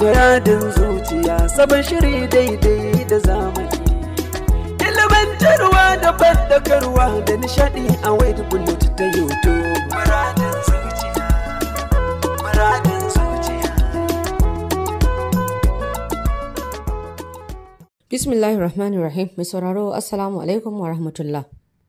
Muradin zuciya sabon shiri daidai da zamani. Ilimantarwa da bandakarwa da nishadi a wade bullet ta YouTube. Muradin zuciya, muradin zuciya. Bismillahirrahmanirrahim. Mai sauraro, Assalamu alaikum wa rahmatullah.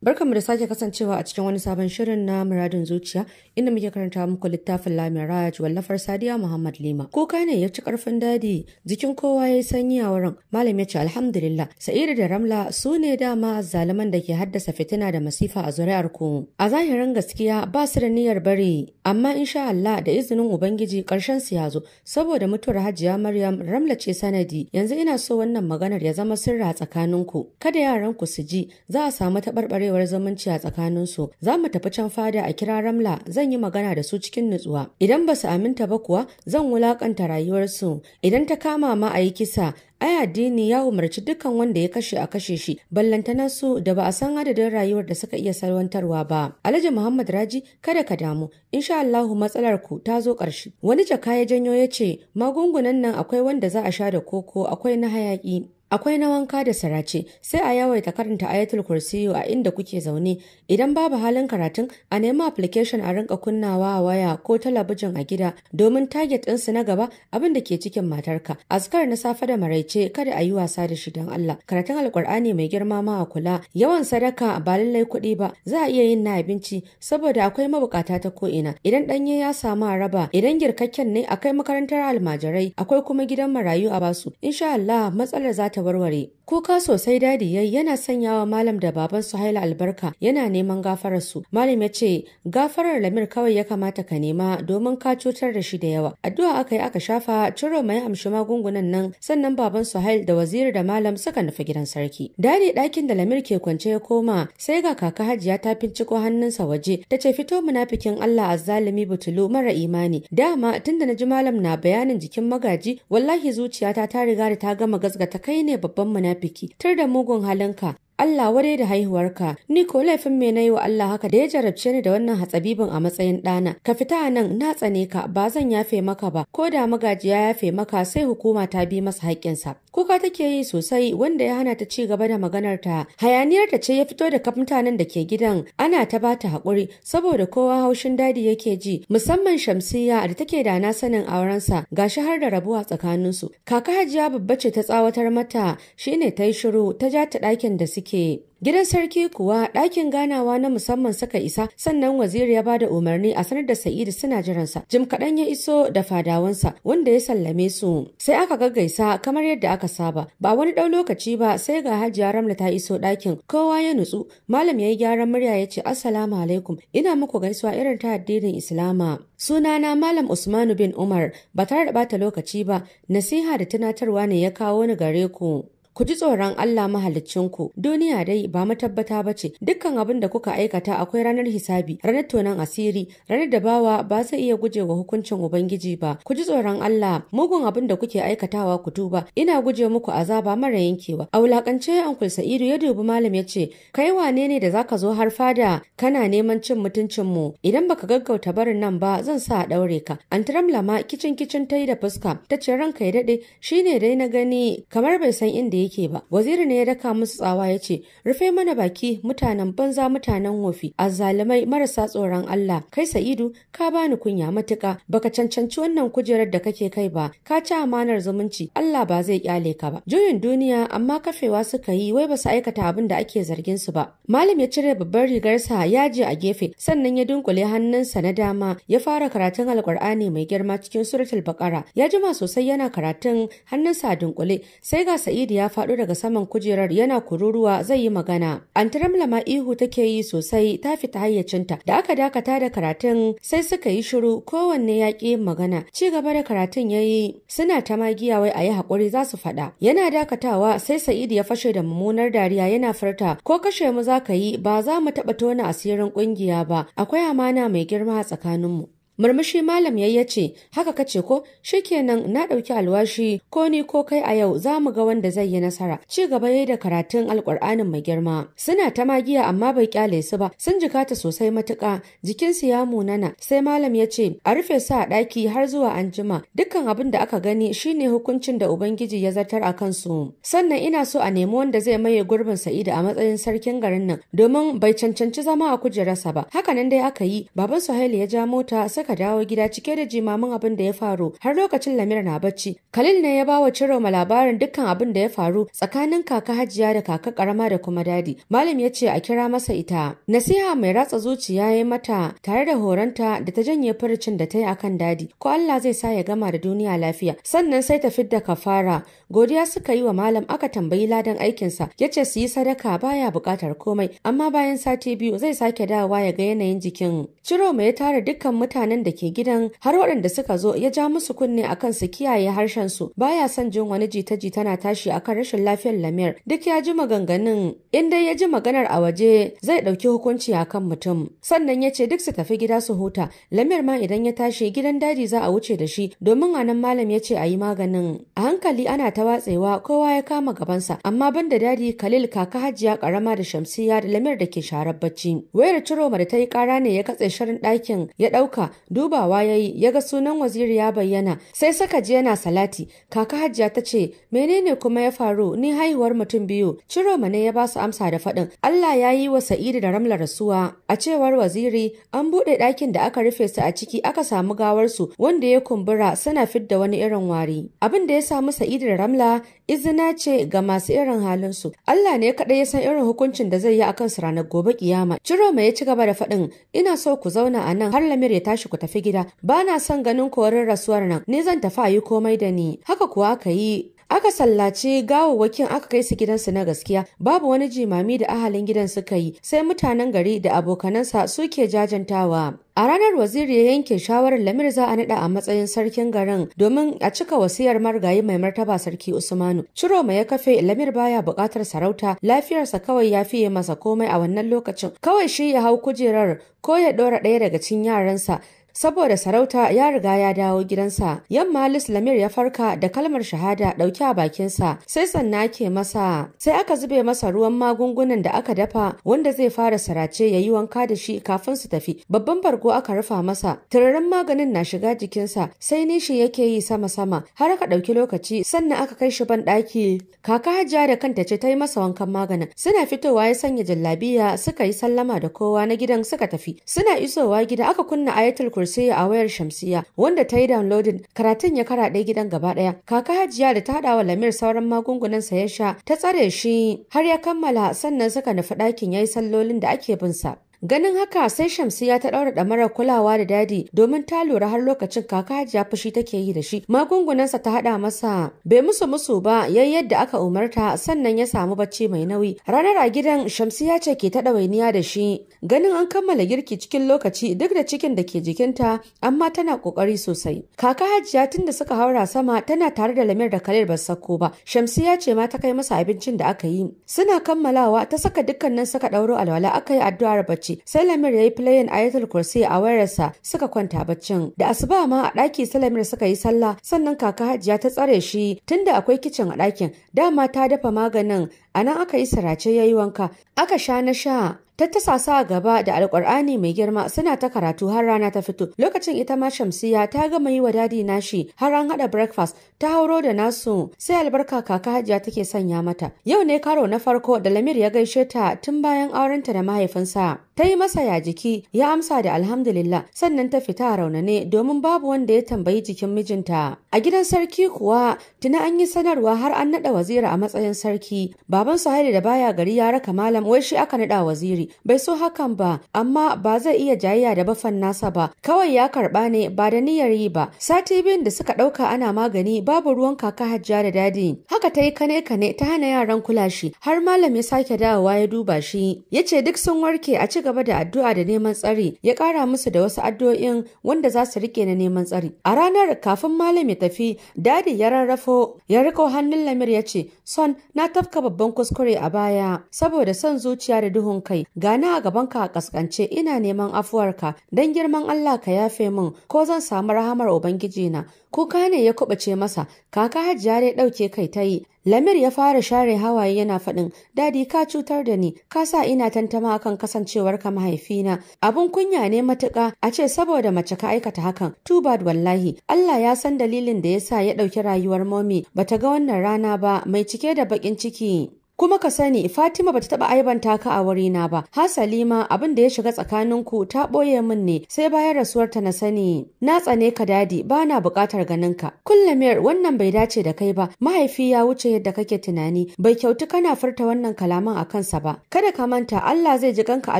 Barkanmu da sake kasancewa a cikin wani sabon shirin na muradin zuciya inda muke karanta muku littafin Lamiraj wallafar Sadiya Muhammad Lima. Kuka ne ya ci karfin dadi jikin kowa ya yi sanyi a wurin. Malam ya ce alhamdulillah Sa'idu da Ramla su ne dama zaliman da ke haddasa fitina da masifa a zuri'ar ku. A zahirin gaskiya ba su da niyyar bari amma insha Allah da izinin Ubangiji karshen su ya zo saboda mutuwar Hajiya Maryam Ramla ce sanadi yanzu ina so wannan maganar ya zama sirra tsakaninku kada yaran ku su ji za a samu taɓarɓarewar kyakkyawar zumunci a tsakaninsu za mu tafi can fada a kira ramla zan yi magana da su cikin nutsuwa idan ba su aminta ba kuwa zan wulakanta rayuwarsu idan ta kama ma a yi kisa ai addini ya umarci dukkan wanda ya kashe a kashe shi ballantana su da ba a san adadin rayuwar da suka iya salwantarwa ba alhaji muhammad raji kada ka damu insha allahu matsalar ku ta zo ƙarshe wani jaka ya janyo ya ce magungunan nan akwai wanda za a sha da koko akwai na hayaki. akwai na wanka da sarace sai a yawaita karanta ayatul kursiyu a inda kuke zaune idan babu halin karatun a nemi application a rinka kunnawa a waya ko talabijin a gida domin target ɗinsu na gaba abin da ke cikin matarka Askar na safe da maraice kada a yi wasa da shi don Allah karatun alkur'ani mai girma ma a kula yawan sadaka ba lallai kuɗi ba za a iya yin na abinci saboda akwai mabukata ta ko ina idan ɗanye ya samu a raba idan girkakken ne akwai makarantar almajirai akwai kuma gidan marayu a basu insha Allah matsalar za ta ta warware. Kuka sosai dadi yayi yana sanyawa malam da baban Suhaila albarka yana neman gafarar su. Malam ya ce gafarar Lamir kawai ya kamata ka nema domin ka cutar da shi da yawa. Addu'a aka yi aka shafa ciro mai amshi magungunan nan sannan baban Suhail da waziri da malam suka nufi gidan sarki. Dadi ɗakin da Lamir ke kwance ya koma sai ga kaka Hajiya ta finciko hannunsa waje ta ce fito munafikin Allah azzalimi butulu mara imani. Dama tunda na ji malam na bayanin jikin magaji wallahi zuciyata ta riga da ta gama gasgata kaina shine babban munafiki tar da mugun halinka Allah wadai da haihuwarka ni ko laifin me na yi wa Allah haka da ya jarabce ni da wannan hatsabibin a matsayin ɗana ka fita a nan na tsane ka ba zan yafe maka ba ko da magajiya yafe maka sai hukuma ta bi masa haƙƙinsa kuka take yi sosai wanda ya hana ta ci gaba da maganar ta hayaniyar ta ce ya fito da mutanen da ke gidan ana ta ba ta haƙuri saboda kowa haushin dadi yake ji musamman Shamsiyya da take da na sanin aurensa gashi har da rabuwa tsakaninsu kaka Hajiya babba ce ta tsawatar mata shine ta yi shiru ta ja ta ɗakin da suke suke. Gidan sarki kuwa ɗakin ganawa na musamman suka isa sannan waziri ya bada umarni a sanar da Sa'idu suna jiransa. Jim kaɗan ya iso da fadawansa wanda ya sallame su. Sai aka gaggaisa kamar yadda aka saba. Ba wani ɗau lokaci ba sai ga Hajiya Ramla ta iso ɗakin. Kowa ya nutsu. Malam ya yi gyaran murya ya ce Assalamu alaikum. Ina muku gaisuwa irin ta addinin Islama. Sunana Malam Usmanu bin Umar ba tare da ɓata lokaci ba. Nasiha da tunatarwa ne ya kawo ni gare ku. ku ji tsoron Allah mahaliccinku duniya dai ba mu tabbata ba ce dukkan abin da kuka aikata akwai ranar hisabi ranar tonan asiri ranar da bawa ba zai iya gujewa hukuncin ubangiji ba ku ji tsoron Allah mugun abin da kuke aikatawa ku tuba ina guje muku azaba mara yankewa a wulakance uncle sa'idu ya dubi malam ya ce kai wane ne da zaka zo har fada kana neman cin mutuncin mu idan baka gaggauta barin nan ba zan sa a daure ka an tiramla kicin kicin ta yi da fuska ta ce ranka ya daɗe shine dai na gani kamar bai san inda yake ba waziri ne ya daka musu tsawa ya ce rufe mana baki mutanen banza mutanen wofi azzalumai marasa tsoron Allah kai Sa'idu ka bani kunya matuka baka cancanci wannan kujerar da kake kai ba ka ci amanar zumunci Allah ba zai kyale ka ba juyin duniya amma kafewa suka yi wai basu aikata abin da ake zargin su ba malam ya cire babbar rigarsa ya je a gefe sannan ya dunkule hannunsa na dama ya fara karatun alkur'ani mai girma cikin suratul baƙara, ya jima sosai yana karatun hannunsa a dunkule sai ga Sa'idu ya faɗo daga saman kujerar yana kururuwa zai yi magana. An ma ihu take yi sosai ta fita hayyacinta da aka dakata da karatun sai suka yi shiru kowanne ya ƙi magana. Ci gaba da karatun ya yi suna ta magiya wai a yi haƙuri za su faɗa. Yana dakatawa sai Sa'idu ya fashe da mummunar dariya yana furta ko kashe mu za ka yi ba za mu taɓa tona asirin ƙungiya ba akwai amana mai girma a tsakaninmu. murmushi malam yayya ce, haka kace ko shikenan na ɗauki alwashi ko ni ko kai a yau za mu ga wanda zai yi nasara ci gaba yayi da karatun alkur'anin mai girma suna ta magiya amma bai kyale su ba sun jikata sosai matuka jikinsu ya munana sai malam ya ce. a rufe su a daki har zuwa anjima dukkan abin da aka gani shine hukuncin da ubangiji ya zartar a kansu sannan ina so a nemi wanda zai maye gurbin Sa'idu a matsayin sarkin garin nan domin bai cancanci zama a kujerarsa ba hakanan dai aka yi baban Suhaili ya ja mota Ka dawo gida cike da jimamin abin da ya faru har lokacin Lamir na bacci. Khalil ne ya ba wa Ciroma labarin dukkan abin da ya faru tsakanin kaka Hajiya da kaka karama da kuma dadi. Malam ya ce a kira masa ita. Nasiha mai ratsa zuciya ya yi mata tare da horonta da ta janye furucin da ta yi akan dadi. Ko Allah zai sa ya gama da duniya lafiya. Sannan sai ta fidda kafara. Godiya suka yi wa malam aka tambayi ladan aikinsa. Ya ce su yi sadaka baya buƙatar komai amma bayan sati biyu zai sake dawowa ya ga yanayin jikin. ciro Ciroma ya tara dukkan mutanen mutanen da ke gidan har waɗanda suka zo ya ja musu kunne akan su kiyaye harshen su baya son jin wani jita-jita na tashi akan rashin lafiyar Lamir duk ya ji maganganun in dai ya ji maganar a waje zai ɗauki hukunci akan mutum sannan ya ce duk su tafi gida su huta Lamir ma idan ya tashi gidan daji za a wuce da shi domin a nan malam ya ce a yi maganin a hankali ana ta watsewa kowa ya kama gabansa amma banda dadi Khalil kaka Hajiya karama da Shamsiya da Lamir da ke sharar bacci wayar Ciroma da ta yi kara ne ya katse shirin ɗakin ya ɗauka dubawa ya yi ya ga sunan waziri ya bayyana sai saka ji yana salati kaka Hajiya ta ce menene kuma ya faru ni haihuwar mutum biyu ciro mane ya ba su amsa da faɗin Allah ya yi wa sa'idu da ramla rasuwa a cewar waziri an buɗe ɗakin da aka rufe su a ciki aka samu gawarsu wanda ya kumbura suna fidda wani irin wari abin da ya samu sa'idu da ramla izina ce ga masu irin halinsu Allah ne kaɗai ya san irin hukuncin da zai yi akan su ranar gobe kiyama ciro ya ci gaba da faɗin ina so ku zauna a nan har lamir ya tashi ku ku tafi gida ba na son ganin korin rasuwar nan ni zan tafi a yi komai da ni haka kuwa aka yi aka sallace gawawwakin aka kai su gidansu na gaskiya babu wani jimami da ahalin gidan suka yi sai mutanen gari da abokanansa suke jajantawa a ranar waziri ya yanke shawarar lamir za a nada a matsayin sarkin garin domin a cika wasiyar margayi mai martaba sarki usmanu ciro mai ya kafe lamir baya bukatar sarauta lafiyarsa kawai ya fiye masa komai a wannan lokacin kawai shi ya hau kujerar ko ya ɗora ɗaya daga cikin yaransa saboda sarauta ya riga ya dawo gidansa yamma Halis Lamir ya farka da kalmar shahada ɗauki a bakinsa sai sanna ke masa sai aka zube masa ruwan magungunan da aka dafa wanda zai fara sarace ya yi wanka da shi kafin su tafi babban bargo aka rufa masa turaren maganin na shiga jikinsa sai nishi yake yi sama sama har aka dauki lokaci sannan aka kai shi ban daki kaka hajja da kanta ce ta yi masa wankan maganin suna fitowa ya sanya jallabiya suka yi sallama da kowa na gidan suka tafi suna isowa gida aka kunna ayatul kur Kursiya a wayar Shamsiya wanda ta yi downloading karatun ya kara ɗaya gidan gaba ɗaya. Kaka Hajiya da ta haɗa wa Lamir sauran magungunan sa ya sha ta tsare shi har ya kammala sannan suka nufi ɗakin ya yi sallolin da ake bin sa. Ganin haka sai Shamsiya ta ɗaura mara kulawa da dadi domin ta lura har lokacin kaka Hajiya fushi take yi da shi. Magungunansa ta haɗa masa bai musu musu ba yayin yadda aka umarta sannan ya samu bacci mai nauyi. Ranar a gidan Shamsiya ce ke ta ɗawainiya da shi. Ganin an kammala girki cikin lokaci duk da cikin da ke jikinta amma tana ƙoƙari sosai. Kaka Hajiya tun da suka haura sama tana tare da Lamir da Khalil ba sako ba. Shamsiya ce ma ta kai masa abincin da aka yi. Suna kammalawa ta saka dukkanin saka ɗauro alwala aka yi addu'ar bacci. bacci sai Lamir ya yi playin ayatul kursi a wayarsa suka kwanta baccin da asuba ma a ɗaki Salamir suka yi sallah sannan kaka Hajiya ta tsare shi tunda akwai kicin a ɗakin dama ta dafa maganin a nan aka yi sarace ya yi wanka aka sha na sha ta ta sa gaba da alƙur'ani mai girma suna ta karatu har rana ta fito lokacin ita ma shamsiya ta gama yi wa dadi nashi har an haɗa breakfast ta hauro da nasu sai albarka kaka hajiya take sanya mata yau ne karo na farko da lamir ya gaishe ta tun bayan aurenta da mahaifinsa ta yi masa ya jiki ya amsa da alhamdulillah sannan ta fita raunane domin babu wanda ya tambayi jikin mijinta a gidan sarki kuwa tuna an yi sanarwa har an naɗa waziri a matsayin sarki baban Suhaili da baya gari ya raka malam wai shi aka naɗa waziri bai so hakan ba amma ba zai iya jayayya da bafan nasa ba kawai ya karɓa ne ba da niyyar yi ba sati biyun da suka ɗauka ana magani babu ruwan kaka hajja da dadi haka ta yi kane kane ta hana yaran kula shi har malam ya sake dawowa ya duba shi ya ce duk sun warke a ci gaba da addu'a da neman tsari ya kara musu da wasu addu'o'in wanda za su rike na neman tsari a ranar kafin malam ya tafi dadi ya rarrafo ya riko hannun lamir ya ce son na tafka babban kuskure a baya saboda son zuciya da duhun kai gana a gaban ka a kaskance ina neman afuwarka don girman Allah ka yafe min ko zan samu rahamar ubangiji na kuka ne ya kubace masa kaka hajiya ne ɗauke kai ta lamir ya fara share hawaye yana faɗin dadi ka cutar da ni ka sa ina tantama akan kasancewar ka mahaifina abun kunya ne matuƙa a ce saboda mace ka aikata hakan too bad wallahi Allah ya san dalilin da yasa ya ɗauki rayuwar momi bata ga wannan rana ba mai cike da bakin ciki kuma ka sani Fatima bata taba aibanta ka a wuri na ba hasali ma abin da ya shiga tsakanin ku ta boye min ne sai bayan ta na sani na tsane ka dadi bana bukatar ganin ka kullamiyar wannan bai dace da kai ba mahaifi ya wuce yadda kake tunani bai kyautu kana furta wannan kalaman a kansa ba kada ka manta Allah zai ji kanka a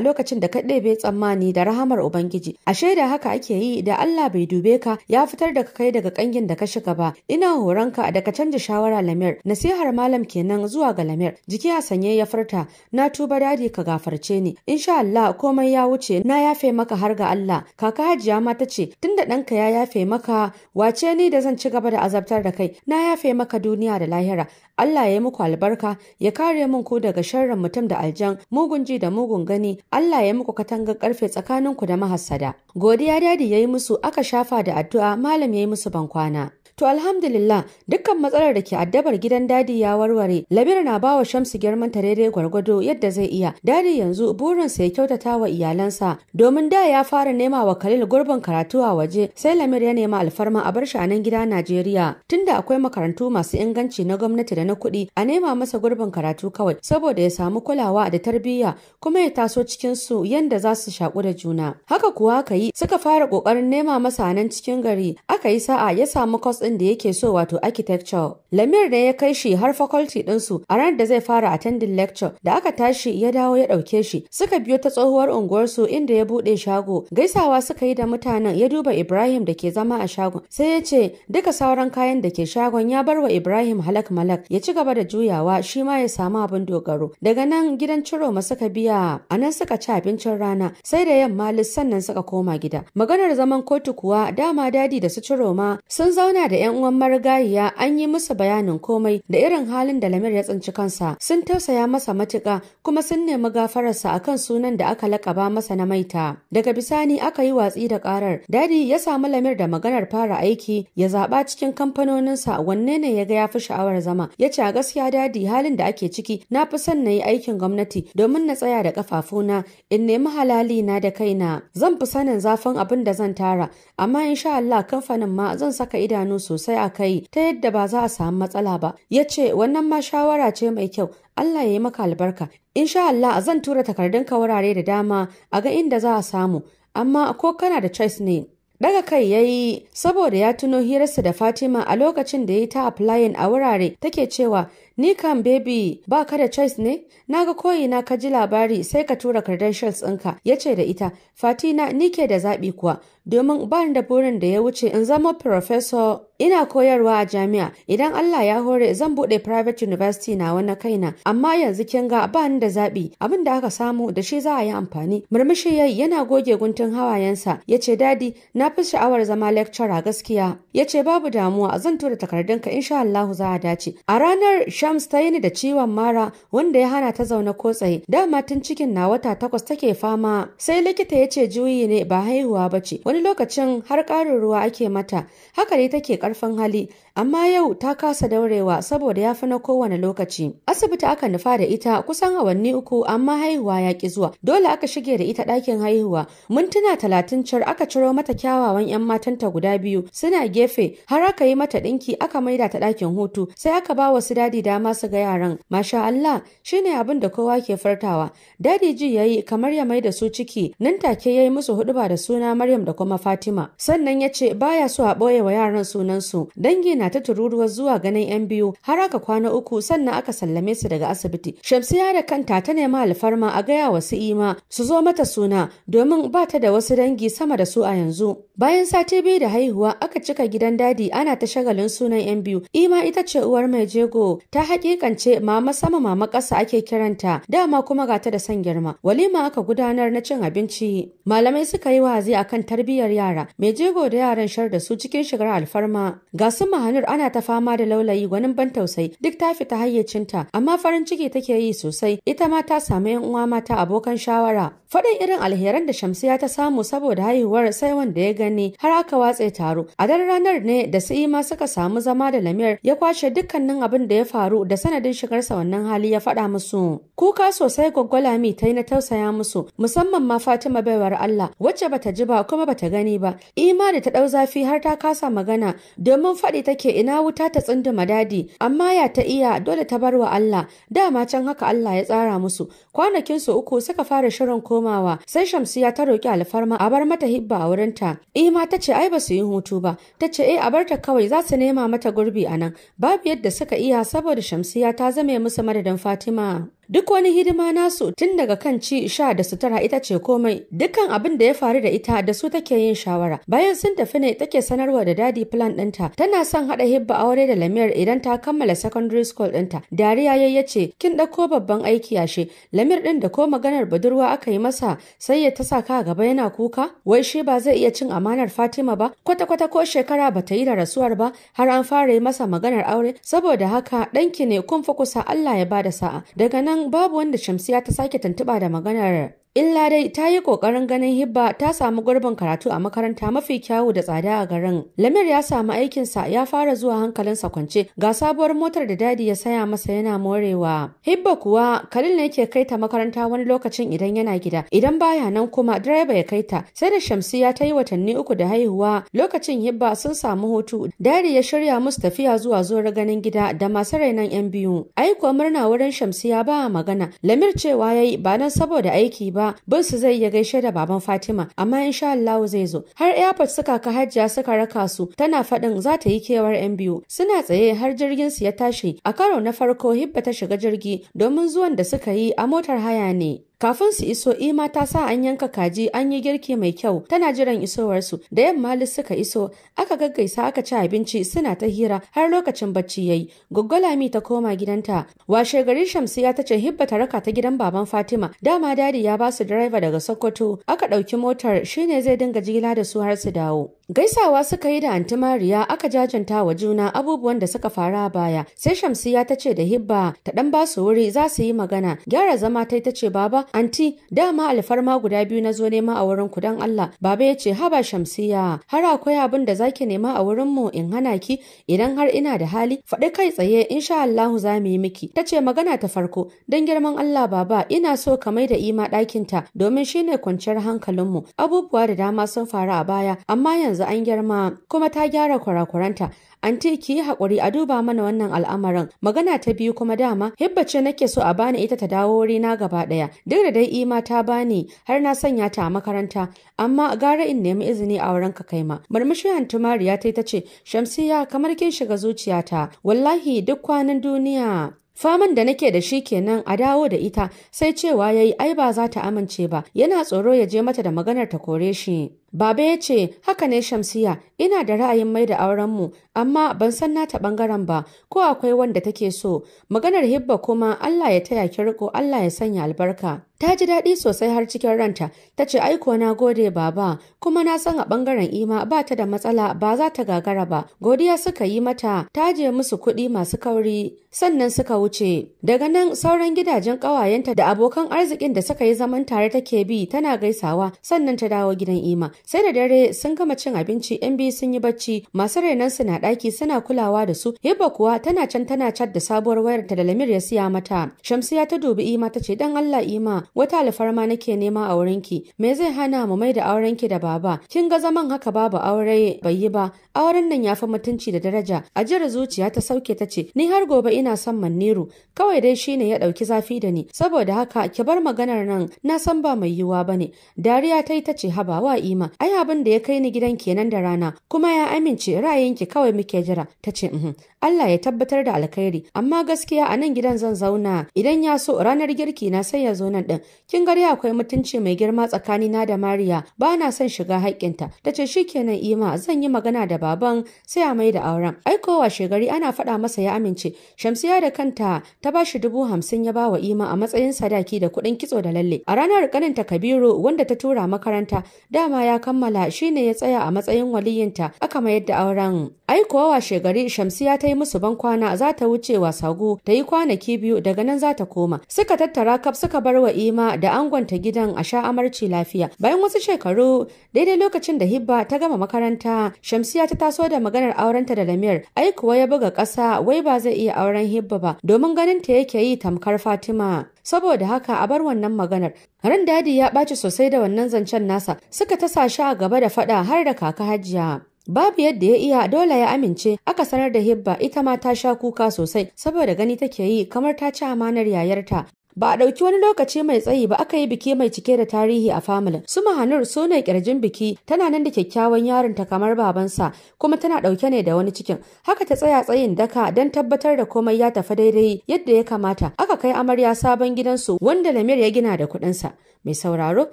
lokacin da ka ɗebe tsammani da rahamar ubangiji a shaida haka ake yi da Allah bai dube ka ya fitar da ka kai daga kangin da ka shiga ba ina horonka da ka canja shawara lamir nasihar malam kenan zuwa ga lamir jiki a sanye ya furta na tuba dadi ka gafarce ni insha Allah komai ya wuce na yafe maka har ga Allah kaka hajiya ma ta ce tunda ɗanka ya yafe maka wace ni da zan ci gaba da azabtar da kai na yafe maka duniya da lahira Allah ya yi muku albarka ya kare mun ku daga sharrin mutum da aljan mugun ji da mugun gani Allah ya yi muku katangar karfe tsakaninku da mahassada godiya dadi ya yi musu aka shafa da addu'a malam ya yi musu bankwana To alhamdulillah dukkan matsalar da ke addabar gidan dadi ya warware. Lamira na bawa Shamsu girman ta daidai gwargwado yadda zai iya. Dadi yanzu burinsa ya kyautata wa iyalansa domin da ya fara nema wa Khalil gurbin karatu a waje sai Lamir ya nema alfarma a bar shi a nan gida Najeriya. Tunda akwai makarantu masu inganci na gwamnati da na kuɗi a nema masa gurbin karatu kawai saboda ya samu kulawa da tarbiyya kuma ya taso cikin su yanda za su shaƙu da juna. Haka kuwa aka yi suka fara ƙoƙarin nema masa a nan cikin gari aka yi sa'a ya samu kwas ɗin da yake so wato architecture. Lamir ne ya kai shi har faculty su a ran da zai fara attending lecture da aka tashi ya dawo ya dauke shi. Suka biyo ta tsohuwar unguwarsu inda ya buɗe shago. Gaisawa suka yi da mutanen ya duba Ibrahim da ke zama a shagon. Sai ya ce duka sauran kayan da ke shagon ya bar wa Ibrahim halak malak ya ci gaba da juyawa shi ma ya samu abin dogaro. Daga nan gidan Ciroma suka biya a nan suka ci abincin rana sai da yamma sannan suka koma gida. Maganar zaman kotu kuwa dama dadi da su ciro ma sun zauna da 'yan uwan marigayiya an yi musu bayanin komai da irin halin da Lamir ya tsinci kansa. Sun tausaya masa matuka kuma sun nemi gafararsa akan sunan da aka lakaba masa na maita. Daga bisani aka yi watsi da karar. Dadi ya samu Lamir da maganar fara aiki ya zaɓa cikin kamfanoninsa wanne ne ya ga ya fi sha'awar zama. Ya ce a gaskiya dadi halin da ake ciki na fi son na yi aikin gwamnati domin na tsaya da ƙafafuna, in nemi halali na da kaina. Zan fi sanin zafin abin da zan tara amma insha Allah kamfanin ma zan saka idanu sosai a kai ta yadda ba za a samu matsala ba ya ce wannan ma shawara ce mai kyau Allah ya yi maka albarka insha Allah zan tura takardunka wurare da dama a ga inda za a samu amma ko kana da choice ne Daga kai ya yi saboda ya tuno hirarsa da Fatima a lokacin da ya yi ta applying a wurare take cewa ni kan baby ba ka da choice ne na ga koyi ka ji labari sai ka tura credentials ɗinka ya ce da ita Fatina ni ke da zaɓi kuwa domin ba da burin da ya wuce in zama professor ina koyarwa a jami'a idan Allah ya hore zan bude private university na wani kaina amma yanzu kin ga ba ni da zabi abin da aka samu da shi za a yi amfani murmushi yayi yana goge guntun hawayensa yace dadi na fi sha'awar zama lecturer gaskiya yace babu damuwa zan tura takardunka insha Allah za a dace a ranar Shams ta yi da ciwon mara wanda ya hana ta zauna ko tsaye dama tun cikin na wata takwas take fama sai likita yace juyi ne ba haihuwa bace wani wani lokacin har ƙarin ruwa ake mata haka ne take ƙarfin hali amma yau ta kasa daurewa saboda ya fi na kowane lokaci asibiti aka nufa da ita kusan awanni uku amma haihuwa ya ki zuwa dole aka shige da ita ɗakin haihuwa mintuna talatin cir aka ciro mata kyawawan yan matanta guda biyu suna gefe har aka yi mata ɗinki aka maida ta ɗakin hutu sai aka ba wasu dadi dama su ga yaran masha Allah shine abin da kowa ke fartawa dadi ji yayi kamar ya maida su ciki nan take yayi musu huduba da suna Maryam da kuma kuma Fatima. Sannan ya ce baya so a ɓoye wa yaran sunansu. Dangi na ta tururuwa zuwa ganin 'yan biyu har aka kwana uku sannan aka sallame su daga asibiti. Shamsiya da kanta ta nema alfarma a gaya wa su ima su zo mata suna domin ba ta da wasu dangi sama da su a yanzu. Bayan sati biyu da haihuwa aka cika gidan dadi ana ta shagalin sunan 'yan biyu. Ima ita ce uwar mai jego ta hakikance mama sama mama ƙasa ake kiranta dama kuma gata da son girma. Walima aka gudanar na cin abinci. Malamai suka yi wazi akan tarbiyyar tarbiyyar yara mai jego da yaran shar da su cikin shigar alfarma ga su mahanur ana ta fama da laulayi gwanin ban tausayi duk ta fita hayyacinta amma farin ciki take yi sosai ita ma ta samu yan uwa mata abokan shawara faɗin irin alheran da shamsiya ta samu saboda haihuwar sai wanda ya gani har aka watse taro a dan ranar ne da ma suka samu zama da lamiyar ya kwashe dukkanin abin da ya faru da sanadin shigarsa wannan hali ya faɗa musu kuka sosai Lami ta yi na tausaya musu musamman ma fatima baiwar allah wacce bata ji ba kuma bata ta gani ba eh, da ta ɗau zafi har ta kasa magana domin faɗi take ina wuta ta tsindi dadi amma ya ta iya dole ta bar wa Allah dama can haka Allah ya tsara musu kwanakin su uku suka fara shirin komawa sai ya ta roki alfarma a bar mata hibba a wurinta ima eh, ta ce ai ba su yi hutu ba ta ce eh a bar ta kawai za su nema mata gurbi a nan babu yadda suka iya saboda ya ta zame musu madadin Fatima Duk wani hidima nasu tun daga kan ci sha da sutura ita ce komai. Dukkan abin da ya faru da ita da su take yin shawara. Bayan sun tafi ne take sanarwa da dadi plan ɗinta. Tana son haɗa hibba aure da Lamir idan ta kammala secondary school ɗinta. Dariya ya ce kin ɗauko babban aiki yashe. Lamir ɗin da ko maganar budurwa aka yi masa sai ya ta ka gaba yana kuka. Wai shi ba zai iya cin amanar Fatima ba. Kwata-kwata ko shekara ba ta yi da rasuwar ba har an fara yi masa maganar aure. Saboda haka ɗanki ne kun fi kusa Allah ya bada sa'a. Daga nan babu wanda Shamsiya ta sake tuntuɓa da maganar Illa dai ta yi ƙoƙarin ganin Hibba ta samu gurbin karatu a makaranta mafi kyawu da tsada a garin. Lamir ya samu aikinsa ya fara zuwa hankalinsa kwance ga sabuwar motar da dadi ya saya masa yana morewa. Hibba kuwa Khalil ne ke kai ta makaranta wani lokacin idan yana gida. Idan baya nan kuma direba ya kai ta. Sai da Shamsiya ta yi watanni uku da haihuwa lokacin Hibba sun samu hutu. Dadi ya shirya musu tafiya zuwa zuwar ganin gida da masu rainon 'yan biyu. Aiko murna wurin Shamsiya ba magana. Lamir cewa ya yi ba nan saboda aiki ba Nasarawa zai iya gaishe da baban Fatima amma insha Allah zai zo har airport suka ka hajjia suka raka su tana faɗin za ta yi kewar yan biyu suna tsaye har jirgin su ya tashi a karo na farko Hibba ta shiga jirgi domin zuwan da suka yi a motar haya ne Kafin su iso Ima eh, ta sa an yanka kaji an yi girki mai kyau tana jiran isowarsu da yamma Lis suka iso aka gaggaisa aka ci abinci suna ta hira har lokacin bacci yayi Lami ta koma gidanta washe gari Shamsu ya tace Hibba ta raka ta gidan baban Fatima dama dadi ya ba su driver daga Sokoto aka ɗauki motar shine zai dinga jigila da su har su dawo Gaisawa suka yi da Anti Mariya aka jajanta wa juna abubuwan da suka fara a baya sai Shamsu ya tace da Hibba ta dan basu wuri za su yi magana gyara zama tai ta baba anti dama alfarma guda biyu na zo nema a wurin ku dan Allah baba ya ce haba shamsiya har akwai abin da zaki nema a wurin mu in hana ki idan har ina da hali faɗi kai tsaye insha Allah za mu yi miki ta ce magana ta farko dan girman Allah baba ina so ka mai da ima ta domin shine kwanciyar hankalin mu abubuwa da dama sun faru a baya amma yanzu an girma kuma ta gyara kurakuranta anti ki yi haƙuri a duba mana wannan al'amarin magana ta biyu kuma dama hibbace nake so a bani ita ta dawo wuri na gaba ɗaya duk Shaida dai Ima ta bani har na sanya ta a makaranta, amma gara in nemi izini a wurin ka kai ma. Murmushi Hantumariya ta ta ce, Shamsiya kamar kin shiga zuciyata, wallahi duk kwanan duniya Faman da nake da shi kenan a dawo da ita sai cewa yayi ai ba za ta amince ba yana tsoro ya je mata da maganar ta kore shi. Baba ya ce, haka ne Shamsiya, ina da ra'ayin mai da aurenmu, amma ban san nata ɓangaren ba, ko akwai wanda take so, maganar hibba kuma Allah ya taya ki riko Allah ya sanya albarka. Ta ji daɗi sosai har cikin ranta, ta ce aiko na gode baba, kuma na san a ɓangaren ima ba ta da matsala ba za ta gagara ba, godiya suka yi mata, ta je musu kuɗi masu kauri, sannan suka wuce. Daga nan sauran gidajen ƙawayenta da abokan arzikin da suka yi zaman tare take bi tana gaisawa, sannan ta dawo gidan ima. sai da dare sun gama cin abinci yan biyu sun yi bacci masu renon su na ɗaki suna kulawa da su hibba kuwa tana can tana cat da sabuwar wayar ta da lamir ya siya mata shamsiya ta dubi ima ta ce dan allah ima wata alfarma nake nema a wurin ki. me zai hana mu mai da auren ki da baba kin ga zaman haka babu aure bai yi ba auren nan ya fi mutunci da daraja A ajiyar zuciya ta sauke ta ce ni har gobe ina son Maniru. kawai dai shine ya ɗauki zafi da ni saboda haka ki bar maganar nan na san ba mai yiwuwa bane dariya ta yi ta ce haba wa ima ai abin da ya kai ni gidan kenan da rana kuma ya amince ra'ayinki kawai muke jira ta ce uhm. Allah ya tabbatar da alkhairi amma gaskiya a nan gidan zan zauna idan ya so ranar girki na sai ya zo nan din kin gari akwai mutunci mai girma tsakani na da Mariya ba na son shiga haƙƙinta tace shikenan Ima zan yi magana da baban sai a mai da auren aikowa shegari ana faɗa masa ya amince Shamsiya da kanta ta ba shi dubu hamsin ya ba wa Ima a matsayin sadaki da kuɗin kitso da lalle a ranar ƙaninta Kabiru wanda ta tura makaranta dama ya kammala shine ya tsaya a matsayin waliyinta aka mayar da auren aikowa shegari Shamsiya ta ta yi musu ban kwana za ta wuce wasagu ta yi kwanaki biyu daga nan za ta koma suka tattara kaf suka bar wa ima da angonta gidan a sha amarci lafiya bayan wasu shekaru daidai lokacin da hibba ta gama makaranta shamsiya ta taso da maganar aurenta da lamir ai kuwa ya buga ƙasa wai ba zai iya auren hibba ba domin ganin ta yake yi tamkar fatima saboda haka a bar wannan maganar ran dadi ya ɓaci sosai da wannan zancen nasa suka tasa shi a gaba da faɗa har da kaka hajiya Babu yadda ya iya dole ya amince aka sanar da Hibba ita ma ta sha kuka sosai saboda gani take yi kamar ta ci amanar yayarta Ba a ɗauki wani lokaci mai tsayi ba aka yi biki mai cike da tarihi a familin. Su Mahanur su ne ƙirjin biki tana nan da kyakkyawan yaronta kamar babansa kuma tana ɗauke ne da wani cikin. Haka ta tsaya tsayin daka don tabbatar da komai ya tafi daidai yadda ya kamata. Aka kai amarya sabon gidansu wanda Lamir ya gina da kuɗinsa. Mai sauraro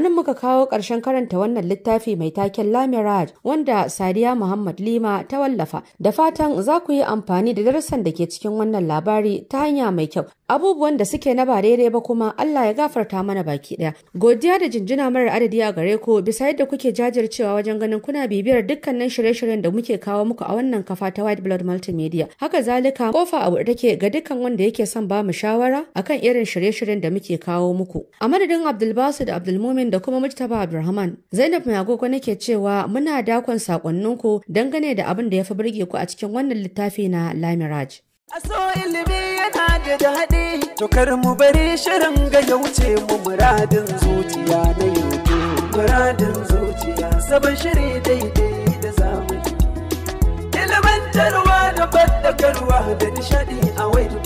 nan muka kawo ƙarshen karanta wannan littafi mai taken Lamiraj wanda Sadiya Muhammad Lima ta wallafa. Da fatan za ku yi amfani da darasan da ke cikin wannan labari ta hanya mai kyau. Abubuwan da suke na ba daidai ba kuma Allah ya gafarta mana baki ɗaya. Godiya da jinjina marar adadi a gare ku bisa yadda kuke jajircewa wajen ganin kuna bibiyar dukkanin shirye-shiryen da muke kawo muku a wannan kafa ta White Blood Multimedia. Haka zalika kofa a take ga dukkan wanda yake son ba mu shawara akan irin shirye-shiryen da muke kawo muku. A madadin Abdulbasu da Abdulmumin Amin da kuma Mujtaba Abdulrahman. Zainab mai agogo nake cewa muna dakon sakonninku dangane da abin da ya fi burge ku a cikin wannan littafi na Lamiraj. Aso ilimi yana da daɗi, to kar mu bari shirin ga ya wuce mu muradin zuciya na yanzu. Muradin zuciya sabon shiri daidai da zamani. Ilimantarwa da fadakarwa da nishaɗi a wai